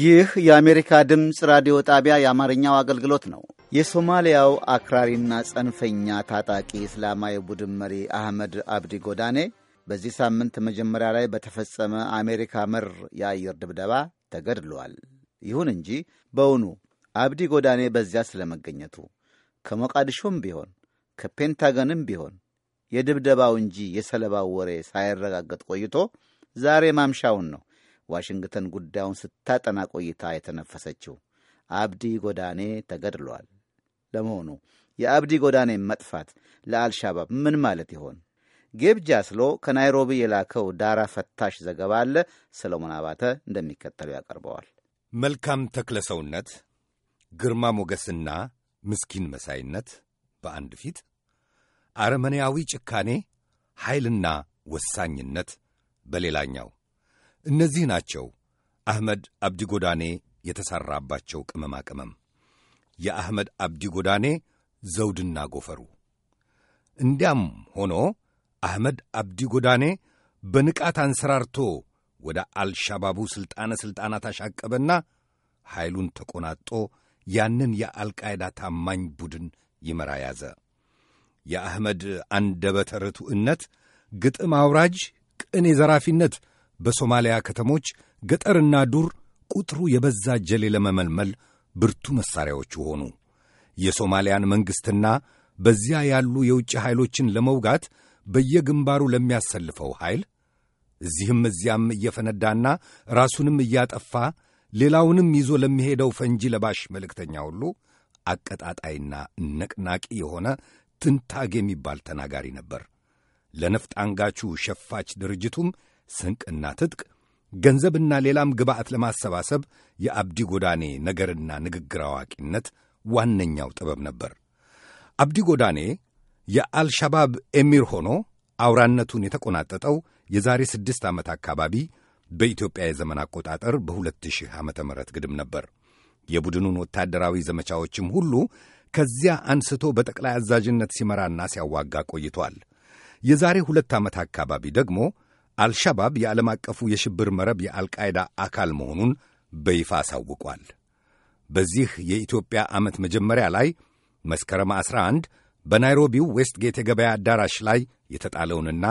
ይህ የአሜሪካ ድምፅ ራዲዮ ጣቢያ የአማርኛው አገልግሎት ነው። የሶማሊያው አክራሪና ጸንፈኛ ታጣቂ እስላማዊ ቡድን መሪ አህመድ አብዲ ጎዳኔ በዚህ ሳምንት መጀመሪያ ላይ በተፈጸመ አሜሪካ መር የአየር ድብደባ ተገድሏል። ይሁን እንጂ በውኑ አብዲ ጎዳኔ በዚያ ስለመገኘቱ ከሞቃዲሾም ቢሆን ከፔንታገንም ቢሆን የድብደባው እንጂ የሰለባው ወሬ ሳይረጋገጥ ቆይቶ ዛሬ ማምሻውን ነው ዋሽንግተን ጉዳዩን ስታጠና ቆይታ የተነፈሰችው። አብዲ ጎዳኔ ተገድሏል። ለመሆኑ የአብዲ ጎዳኔ መጥፋት ለአልሻባብ ምን ማለት ይሆን? ጌብ ጃስሎ ከናይሮቢ የላከው ዳራ ፈታሽ ዘገባ አለ። ሰለሞን አባተ እንደሚከተለው ያቀርበዋል። መልካም ተክለ ሰውነት፣ ግርማ ሞገስና ምስኪን መሳይነት በአንድ ፊት አረመኔያዊ ጭካኔ፣ ኃይልና ወሳኝነት በሌላኛው እነዚህ ናቸው አህመድ አብዲ ጎዳኔ ቅመማ ቅመም የአህመድ አብዲ ጎዳኔ ዘውድና ጎፈሩ። እንዲያም ሆኖ አህመድ አብዲ ጎዳኔ በንቃት አንሰራርቶ ወደ አልሻባቡ ሥልጣነ ሥልጣናት አሻቀበና ኃይሉን ተቆናጦ ያንን የአልቃይዳ ታማኝ ቡድን ይመራ ያዘ። የአህመድ አንደበተ ርቱዕነት፣ ግጥም አውራጅ፣ ቅኔ ዘራፊነት በሶማሊያ ከተሞች ገጠርና ዱር ቁጥሩ የበዛ ጀሌ ለመመልመል ብርቱ መሣሪያዎቹ ሆኑ። የሶማሊያን መንግሥትና በዚያ ያሉ የውጭ ኃይሎችን ለመውጋት በየግንባሩ ለሚያሰልፈው ኃይል እዚህም እዚያም እየፈነዳና ራሱንም እያጠፋ ሌላውንም ይዞ ለሚሄደው ፈንጂ ለባሽ መልእክተኛ ሁሉ አቀጣጣይና ነቅናቂ የሆነ ትንታግ የሚባል ተናጋሪ ነበር። ለነፍጥ አንጋቹ ሸፋች ድርጅቱም ስንቅና ትጥቅ፣ ገንዘብና ሌላም ግብዓት ለማሰባሰብ የአብዲ ጎዳኔ ነገርና ንግግር አዋቂነት ዋነኛው ጥበብ ነበር። አብዲ ጎዳኔ የአልሻባብ ኤሚር ሆኖ አውራነቱን የተቆናጠጠው የዛሬ ስድስት ዓመት አካባቢ በኢትዮጵያ የዘመን አቆጣጠር በ2000 ዓ ም ግድም ነበር። የቡድኑን ወታደራዊ ዘመቻዎችም ሁሉ ከዚያ አንስቶ በጠቅላይ አዛዥነት ሲመራና ሲያዋጋ ቆይቷል። የዛሬ ሁለት ዓመት አካባቢ ደግሞ አልሻባብ የዓለም አቀፉ የሽብር መረብ የአልቃይዳ አካል መሆኑን በይፋ አሳውቋል። በዚህ የኢትዮጵያ ዓመት መጀመሪያ ላይ መስከረም 11 በናይሮቢው ጌት የገበያ አዳራሽ ላይ የተጣለውንና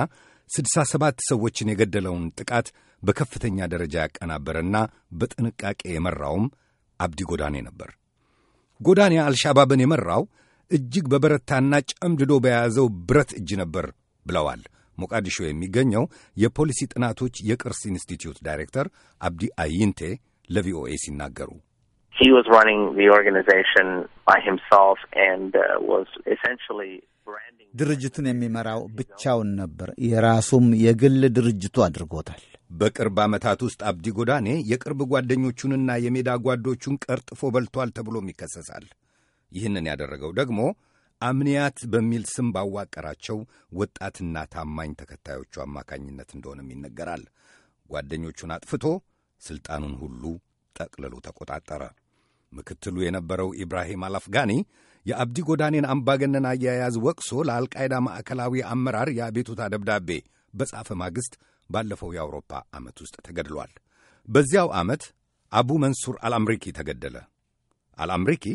67 ሰዎችን የገደለውን ጥቃት በከፍተኛ ደረጃ ያቀናበረና በጥንቃቄ የመራውም አብዲ ጎዳኔ ነበር። ጎዳኔ አልሻባብን የመራው እጅግ በበረታና ጨምድዶ በያዘው ብረት እጅ ነበር ብለዋል ሞቃዲሾ የሚገኘው የፖሊሲ ጥናቶች የቅርስ ኢንስቲትዩት ዳይሬክተር አብዲ አይንቴ ለቪኦኤ ሲናገሩ uh, ድርጅቱን የሚመራው ብቻውን ነበር። የራሱም የግል ድርጅቱ አድርጎታል። በቅርብ ዓመታት ውስጥ አብዲ ጎዳኔ የቅርብ ጓደኞቹንና የሜዳ ጓዶቹን ቀርጥፎ በልቷል ተብሎም ይከሰሳል። ይህንን ያደረገው ደግሞ አምንያት በሚል ስም ባዋቀራቸው ወጣትና ታማኝ ተከታዮቹ አማካኝነት እንደሆነም ይነገራል። ጓደኞቹን አጥፍቶ ሥልጣኑን ሁሉ ጠቅልሎ ተቆጣጠረ። ምክትሉ የነበረው ኢብራሂም አላፍጋኒ የአብዲ ጎዳኔን አምባገነን አያያዝ ወቅሶ ለአልቃይዳ ማዕከላዊ አመራር የአቤቱታ ደብዳቤ በጻፈ ማግስት ባለፈው የአውሮፓ ዓመት ውስጥ ተገድሏል። በዚያው ዓመት አቡ መንሱር አልአምሪኪ ተገደለ። አልአምሪኪ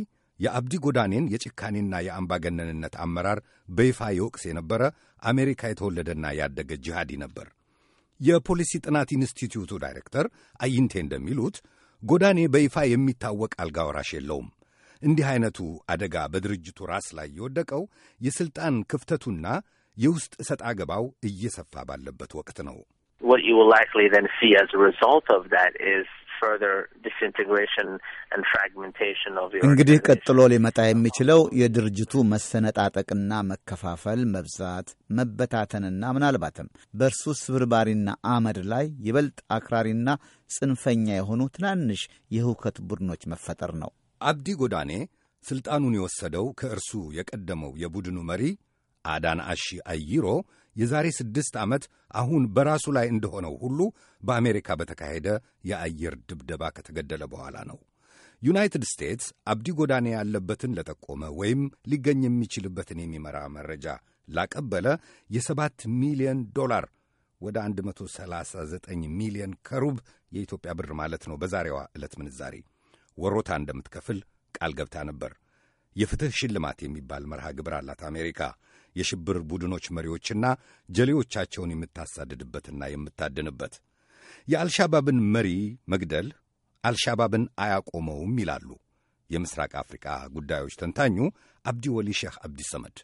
የአብዲ ጎዳኔን የጭካኔና የአምባገነንነት አመራር በይፋ የወቅስ የነበረ አሜሪካ የተወለደና ያደገ ጂሃዲ ነበር። የፖሊሲ ጥናት ኢንስቲትዩቱ ዳይሬክተር አይንቴ እንደሚሉት ጎዳኔ በይፋ የሚታወቅ አልጋ ወራሽ የለውም። እንዲህ አይነቱ አደጋ በድርጅቱ ራስ ላይ የወደቀው የሥልጣን ክፍተቱና የውስጥ እሰጥ አገባው እየሰፋ ባለበት ወቅት ነው። እንግዲህ ቀጥሎ ሊመጣ የሚችለው የድርጅቱ መሰነጣጠቅና መከፋፈል መብዛት፣ መበታተንና ምናልባትም በእርሱ ስብርባሪና አመድ ላይ ይበልጥ አክራሪና ጽንፈኛ የሆኑ ትናንሽ የሁከት ቡድኖች መፈጠር ነው። አብዲ ጎዳኔ ስልጣኑን የወሰደው ከእርሱ የቀደመው የቡድኑ መሪ አዳን አሺ አይሮ የዛሬ ስድስት ዓመት አሁን በራሱ ላይ እንደሆነው ሁሉ በአሜሪካ በተካሄደ የአየር ድብደባ ከተገደለ በኋላ ነው። ዩናይትድ ስቴትስ አብዲ ጎዳኔ ያለበትን ለጠቆመ ወይም ሊገኝ የሚችልበትን የሚመራ መረጃ ላቀበለ የሰባት ሚሊዮን ዶላር ወደ 139 ሚሊዮን ከሩብ የኢትዮጵያ ብር ማለት ነው በዛሬዋ ዕለት ምንዛሬ ወሮታ እንደምትከፍል ቃል ገብታ ነበር። የፍትሕ ሽልማት የሚባል መርሃ ግብር አላት አሜሪካ። የሽብር ቡድኖች መሪዎችና ጀሌዎቻቸውን የምታሳድድበትና የምታድንበት። የአልሻባብን መሪ መግደል አልሻባብን አያቆመውም ይላሉ የምስራቅ አፍሪካ ጉዳዮች ተንታኙ አብዲ ወሊ ሼህ አብዲ ሰመድ።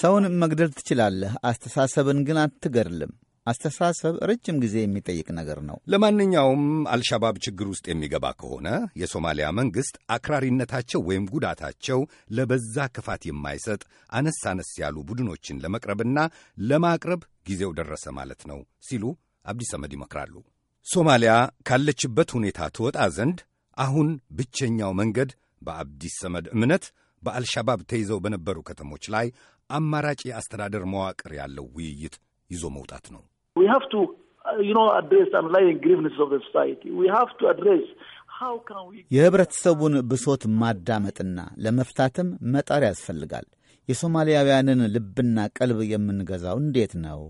ሰውን መግደል ትችላለህ፣ አስተሳሰብን ግን አትገድልም። አስተሳሰብ ረጅም ጊዜ የሚጠይቅ ነገር ነው። ለማንኛውም አልሻባብ ችግር ውስጥ የሚገባ ከሆነ የሶማሊያ መንግሥት አክራሪነታቸው ወይም ጉዳታቸው ለበዛ ክፋት የማይሰጥ አነስ አነስ ያሉ ቡድኖችን ለመቅረብና ለማቅረብ ጊዜው ደረሰ ማለት ነው ሲሉ አብዲስ ሰመድ ይመክራሉ። ሶማሊያ ካለችበት ሁኔታ ትወጣ ዘንድ አሁን ብቸኛው መንገድ በአብዲስ ሰመድ እምነት በአልሻባብ ተይዘው በነበሩ ከተሞች ላይ አማራጭ የአስተዳደር መዋቅር ያለው ውይይት ይዞ መውጣት ነው። የህብረተሰቡን ብሶት ማዳመጥና ለመፍታትም መጣር ያስፈልጋል። የሶማሊያውያንን ልብና ቀልብ የምንገዛው እንዴት ነው?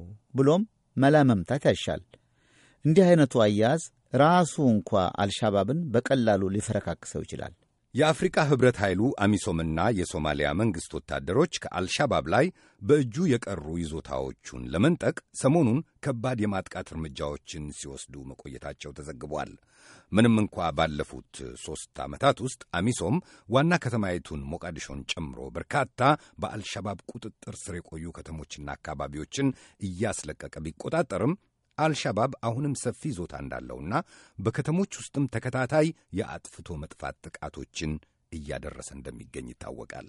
ብሎም መላ መምታት ያሻል። እንዲህ አይነቱ አያያዝ ራሱ እንኳ አልሻባብን በቀላሉ ሊፈረካክሰው ይችላል። የአፍሪካ ኅብረት ኃይሉ አሚሶምና የሶማሊያ መንግሥት ወታደሮች ከአልሻባብ ላይ በእጁ የቀሩ ይዞታዎቹን ለመንጠቅ ሰሞኑን ከባድ የማጥቃት እርምጃዎችን ሲወስዱ መቆየታቸው ተዘግቧል። ምንም እንኳ ባለፉት ሦስት ዓመታት ውስጥ አሚሶም ዋና ከተማይቱን ሞቃዲሾን ጨምሮ በርካታ በአልሻባብ ቁጥጥር ስር የቆዩ ከተሞችና አካባቢዎችን እያስለቀቀ ቢቆጣጠርም አልሻባብ አሁንም ሰፊ ይዞታ እንዳለውና በከተሞች ውስጥም ተከታታይ የአጥፍቶ መጥፋት ጥቃቶችን እያደረሰ እንደሚገኝ ይታወቃል።